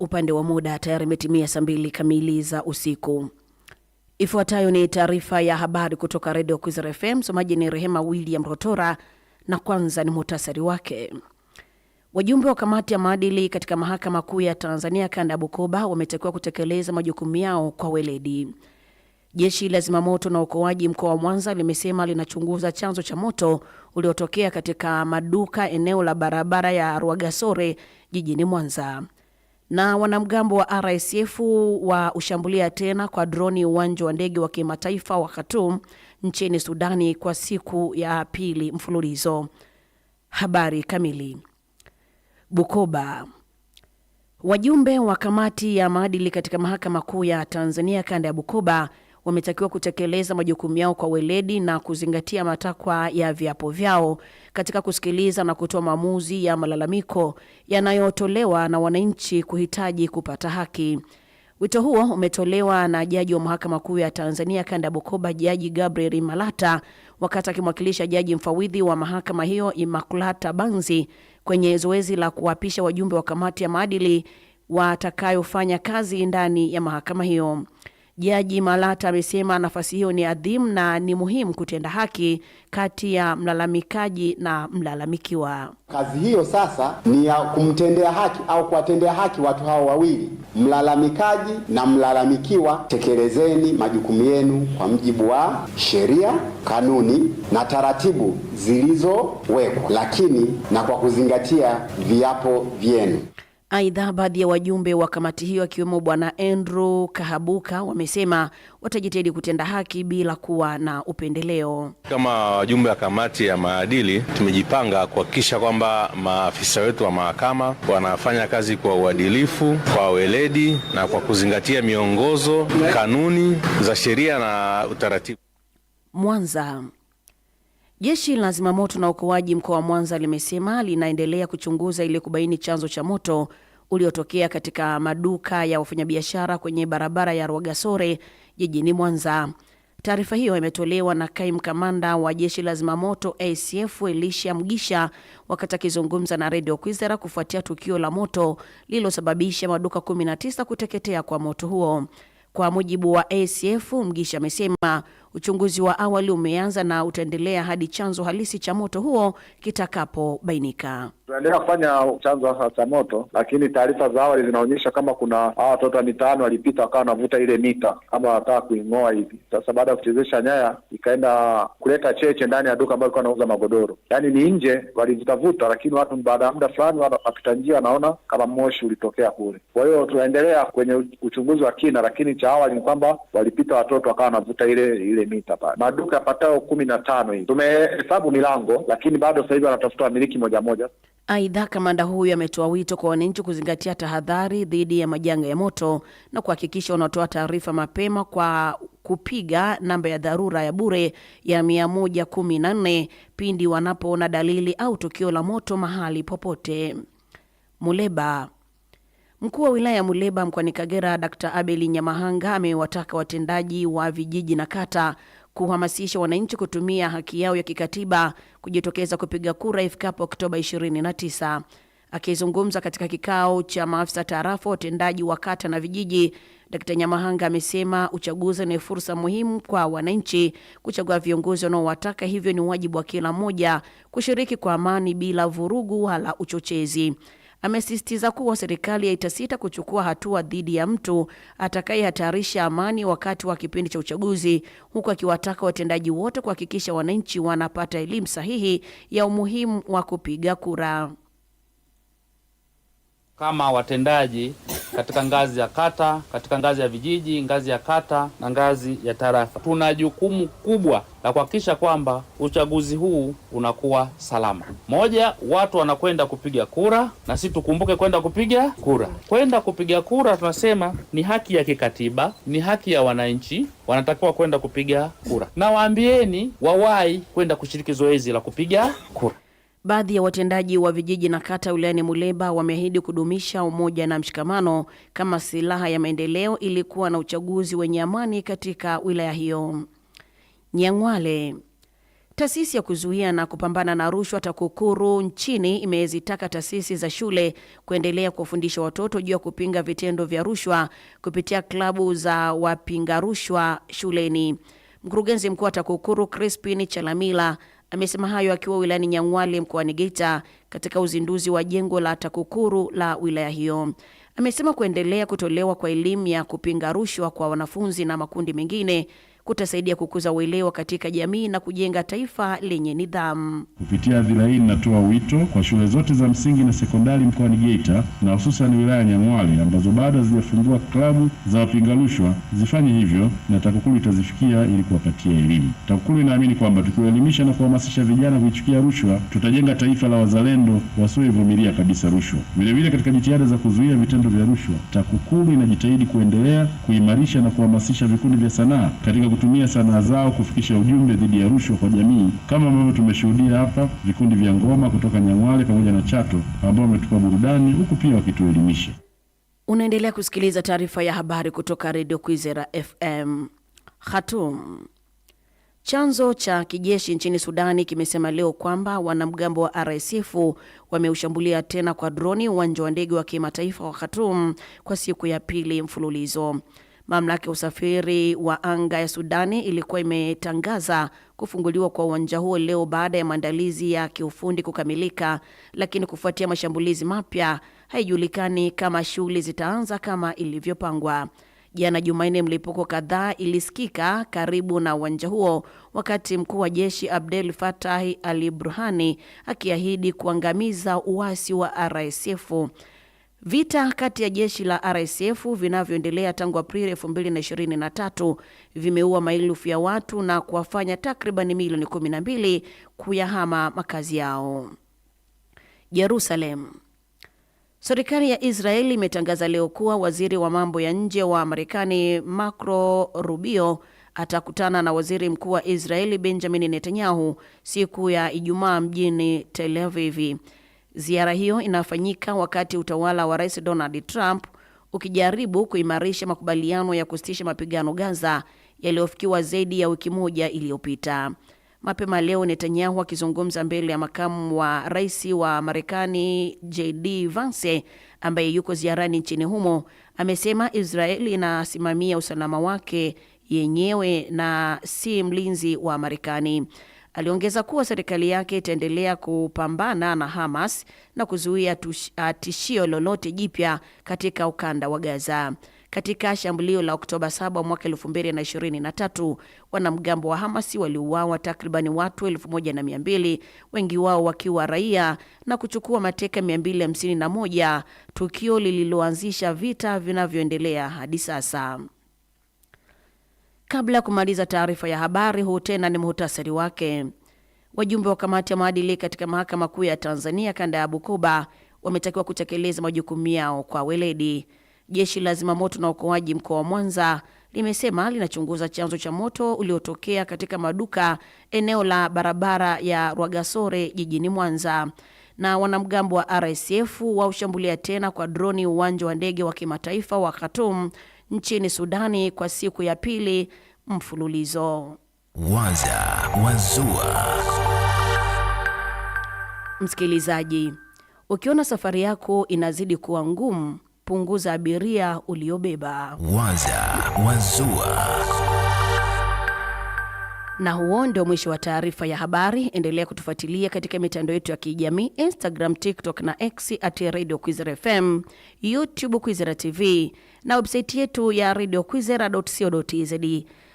upande wa muda tayari imetimia saa mbili kamili za usiku. Ifuatayo ni taarifa ya habari kutoka redio Kwizera FM. Msomaji ni Rehema William Rotora na kwanza ni muhtasari wake. Wajumbe wa kamati ya maadili katika mahakama kuu ya Tanzania kanda ya Bukoba wametakiwa kutekeleza majukumu yao kwa weledi. Jeshi la zimamoto na uokoaji mkoa wa Mwanza limesema linachunguza chanzo cha moto uliotokea katika maduka eneo la barabara ya Rwagasore jijini Mwanza. Na wanamgambo wa RSF wa ushambulia tena kwa droni uwanja wa ndege wa kimataifa wa Khartoum nchini Sudani kwa siku ya pili mfululizo. Habari kamili. Bukoba. Wajumbe wa kamati ya maadili katika mahakama kuu ya Tanzania kanda ya Bukoba wametakiwa kutekeleza majukumu yao kwa weledi na kuzingatia matakwa ya viapo vyao katika kusikiliza na kutoa maamuzi ya malalamiko yanayotolewa na wananchi kuhitaji kupata haki. Wito huo umetolewa na jaji wa mahakama kuu ya Tanzania kanda ya Bukoba, Jaji Gabriel Malata, wakati akimwakilisha jaji mfawidhi wa mahakama hiyo Imakulata Banzi kwenye zoezi la kuwapisha wajumbe wa kamati ya maadili watakayofanya kazi ndani ya mahakama hiyo. Jaji Malata amesema nafasi hiyo ni adhimu na ni muhimu kutenda haki kati ya mlalamikaji na mlalamikiwa. Kazi hiyo sasa ni ya kumtendea haki au kuwatendea haki watu hao wawili, mlalamikaji na mlalamikiwa. Tekelezeni majukumu yenu kwa mujibu wa sheria, kanuni na taratibu zilizowekwa, lakini na kwa kuzingatia viapo vyenu. Aidha, baadhi ya wajumbe wa kamati hiyo akiwemo Bwana Andrew Kahabuka wamesema watajitahidi kutenda haki bila kuwa na upendeleo. Kama wajumbe wa kamati ya maadili, tumejipanga kuhakikisha kwamba maafisa wetu wa mahakama wanafanya kazi kwa uadilifu, kwa weledi na kwa kuzingatia miongozo, kanuni za sheria na utaratibu. Mwanza. Jeshi la Zimamoto na Uokoaji mkoa wa Mwanza limesema linaendelea kuchunguza ili kubaini chanzo cha moto uliotokea katika maduka ya wafanyabiashara kwenye barabara ya Rwagasore jijini Mwanza. Taarifa hiyo imetolewa na kaimu kamanda wa jeshi la zimamoto ACF Elisha Mgisha wakati akizungumza na redio Kwizera kufuatia tukio la moto lililosababisha maduka 19 kuteketea kwa moto huo. Kwa mujibu wa ACF, Mgisha amesema Uchunguzi wa awali umeanza na utaendelea hadi chanzo halisi cha moto huo kitakapobainika. Tunaendelea kufanya chanzo hasa cha moto, lakini taarifa za awali zinaonyesha kama kuna hawa watoto wa mitaani walipita wakawa wanavuta ile mita kama wanataka kuing'oa hivi. Sasa baada ya kuchezesha nyaya, ikaenda kuleta cheche ndani ya duka ambayo ilikuwa anauza magodoro, yaani ni nje walivutavuta, lakini watu baada ya muda fulani wapita njia wanaona kama moshi ulitokea kule. Kwa hiyo tunaendelea kwenye uchunguzi wa kina, lakini cha awali ni kwamba walipita watoto wakawa wanavuta ile ile ile mita pale, maduka yapatao kumi na tano hivi tumehesabu milango, lakini bado sasa hivi wanatafuta wamiliki moja moja. Aidha, kamanda huyu ametoa wito kwa wananchi kuzingatia tahadhari dhidi ya majanga ya moto na kuhakikisha wanatoa taarifa mapema kwa kupiga namba ya dharura ya bure ya mia moja kumi na nne pindi wanapoona dalili au tukio la moto mahali popote. Muleba Mkuu wa wilaya ya Muleba mkoani Kagera, Dkt. abeli Nyamahanga amewataka watendaji wa vijiji na kata kuhamasisha wananchi kutumia haki yao ya kikatiba kujitokeza kupiga kura ifikapo Oktoba 29. Akizungumza katika kikao cha maafisa taarafu watendaji wa kata na vijiji, Dkt. Nyamahanga amesema uchaguzi ni fursa muhimu kwa wananchi kuchagua viongozi wanaowataka, hivyo ni wajibu wa kila mmoja kushiriki kwa amani bila vurugu wala uchochezi amesisitiza kuwa serikali haitasita kuchukua hatua dhidi ya mtu atakayehatarisha amani wakati wa kipindi cha uchaguzi, huku akiwataka watendaji wote kuhakikisha wananchi wanapata elimu sahihi ya umuhimu wa kupiga kura. Kama watendaji katika ngazi ya kata, katika ngazi ya vijiji, ngazi ya kata na ngazi ya tarafa. Tuna jukumu kubwa la kuhakikisha kwamba uchaguzi huu unakuwa salama. Moja, watu wanakwenda kupiga kura, na sisi tukumbuke kwenda kupiga kura. Kwenda kupiga kura tunasema ni haki ya kikatiba, ni haki ya wananchi, wanatakiwa kwenda kupiga kura, na waambieni kwenda kushiriki zoezi la kupiga kura. Baadhi ya watendaji wa vijiji na kata wilayani Muleba wameahidi kudumisha umoja na mshikamano kama silaha ya maendeleo ili kuwa na uchaguzi wenye amani katika wilaya hiyo. Nyang'wale. Taasisi ya kuzuia na kupambana na rushwa TAKUKURU nchini imezitaka taasisi za shule kuendelea kuwafundisha watoto juu ya kupinga vitendo vya rushwa kupitia klabu za wapinga rushwa shuleni. Mkurugenzi mkuu wa TAKUKURU Crispin Chalamila Amesema hayo akiwa wilayani Nyang'wale mkoani Geita katika uzinduzi wa jengo la TAKUKURU la wilaya hiyo. Amesema kuendelea kutolewa kwa elimu ya kupinga rushwa kwa wanafunzi na makundi mengine kutasaidia kukuza uelewa katika jamii na kujenga taifa lenye nidhamu. Kupitia adhira hii, ninatoa wito kwa shule zote za msingi na sekondari mkoani Geita na hususan wilaya ya Nyang'hwale ambazo bado hazijafungua klabu za wapinga rushwa zifanye hivyo na TAKUKURU itazifikia ili kuwapatia elimu. TAKUKURU inaamini kwamba tukiwaelimisha na kuhamasisha vijana kuichukia rushwa, tutajenga taifa la wazalendo wasioivumilia kabisa rushwa. Vilevile, katika jitihada za kuzuia vitendo vya rushwa, TAKUKURU inajitahidi kuendelea kuimarisha na kuhamasisha vikundi vya sanaa katika kutumia sanaa zao kufikisha ujumbe dhidi ya rushwa kwa jamii, kama ambavyo tumeshuhudia hapa vikundi vya ngoma kutoka Nyang'wale pamoja na Chato ambao wametupa burudani huku pia wakituelimisha. Unaendelea kusikiliza taarifa ya habari kutoka redio Kwizera FM. Khartoum. Chanzo cha kijeshi nchini Sudani kimesema leo kwamba wanamgambo wa RSF wameushambulia tena kwa droni uwanja wa ndege wa kimataifa wa Khartoum kwa siku ya pili mfululizo. Mamlaka ya usafiri wa anga ya Sudani ilikuwa imetangaza kufunguliwa kwa uwanja huo leo baada ya maandalizi ya kiufundi kukamilika, lakini kufuatia mashambulizi mapya, haijulikani kama shughuli zitaanza kama ilivyopangwa. Jana Jumanne, mlipuko kadhaa ilisikika karibu na uwanja huo, wakati mkuu wa jeshi Abdel Fattah al-Burhani akiahidi kuangamiza uasi wa RSF. Vita kati ya jeshi la RSF vinavyoendelea tangu Aprili 2023 vimeua maelfu ya watu na kuwafanya takriban milioni 12 kuyahama makazi yao. Jerusalem. Serikali ya Israeli imetangaza leo kuwa waziri wa mambo ya nje wa Marekani Marco Rubio atakutana na waziri mkuu wa Israeli Benjamin Netanyahu siku ya Ijumaa mjini Tel Aviv Ziara hiyo inafanyika wakati utawala wa Rais Donald Trump ukijaribu kuimarisha makubaliano ya kusitisha mapigano Gaza yaliyofikiwa zaidi ya wiki moja iliyopita. Mapema leo Netanyahu akizungumza mbele ya makamu wa rais wa Marekani JD Vance ambaye yuko ziarani nchini humo amesema Israeli inasimamia usalama wake yenyewe na si mlinzi wa Marekani. Aliongeza kuwa serikali yake itaendelea kupambana na Hamas na kuzuia ah, tishio lolote jipya katika ukanda wa Gaza. Katika shambulio la Oktoba 7 mwaka 2023, wanamgambo wa Hamasi waliuawa takribani watu 1200 wengi wao wakiwa raia na kuchukua mateka 251, tukio lililoanzisha vita vinavyoendelea hadi sasa. Kabla ya kumaliza taarifa ya habari, huu tena ni muhtasari wake. Wajumbe wa kamati ya maadili katika mahakama kuu ya Tanzania kanda ya Bukoba wametakiwa kutekeleza majukumu yao kwa weledi. Jeshi la zimamoto na uokoaji mkoa wa Mwanza limesema linachunguza chanzo cha moto uliotokea katika maduka eneo la barabara ya Rwagasore jijini Mwanza. Na wanamgambo wa RSF waushambulia tena kwa droni uwanja wa ndege wa kimataifa wa Khartoum nchini Sudani kwa siku ya pili mfululizo. Waza Wazua. Msikilizaji, ukiona safari yako inazidi kuwa ngumu, punguza abiria uliobeba. Waza Wazua. Na huo ndio mwisho wa taarifa ya habari. Endelea kutufuatilia katika mitandao yetu ya kijamii Instagram, TikTok na X at Radio Kwizera FM, YouTube Kwizera TV na website yetu ya Radio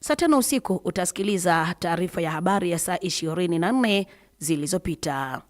Saa tano usiku utasikiliza taarifa ya habari ya saa 24 zilizopita.